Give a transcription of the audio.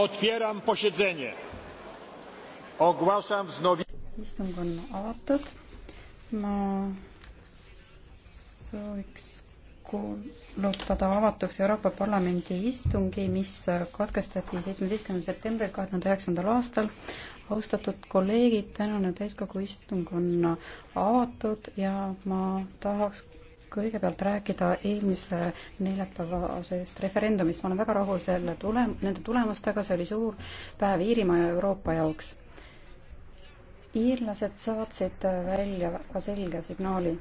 Otwieram posiedzenie. Ogłaszam wznowi... Istung on avatud. Ma sooviks kuulutada avatuks Euroopa Parlamendi istungi, mis katkestati seitsmeteistkümnendal septembril kahe tuhande üheksandal aastal. austatud kolleegid, tänane täiskogu istung on avatud ja ma tahaks kõigepealt rääkida eelmise neljapäevasest referendumist. ma olen väga rahul selle tule-, nende tulemustega, see oli suur päev Iirimaa ja Euroopa jaoks. iirlased saatsid välja väga selge signaali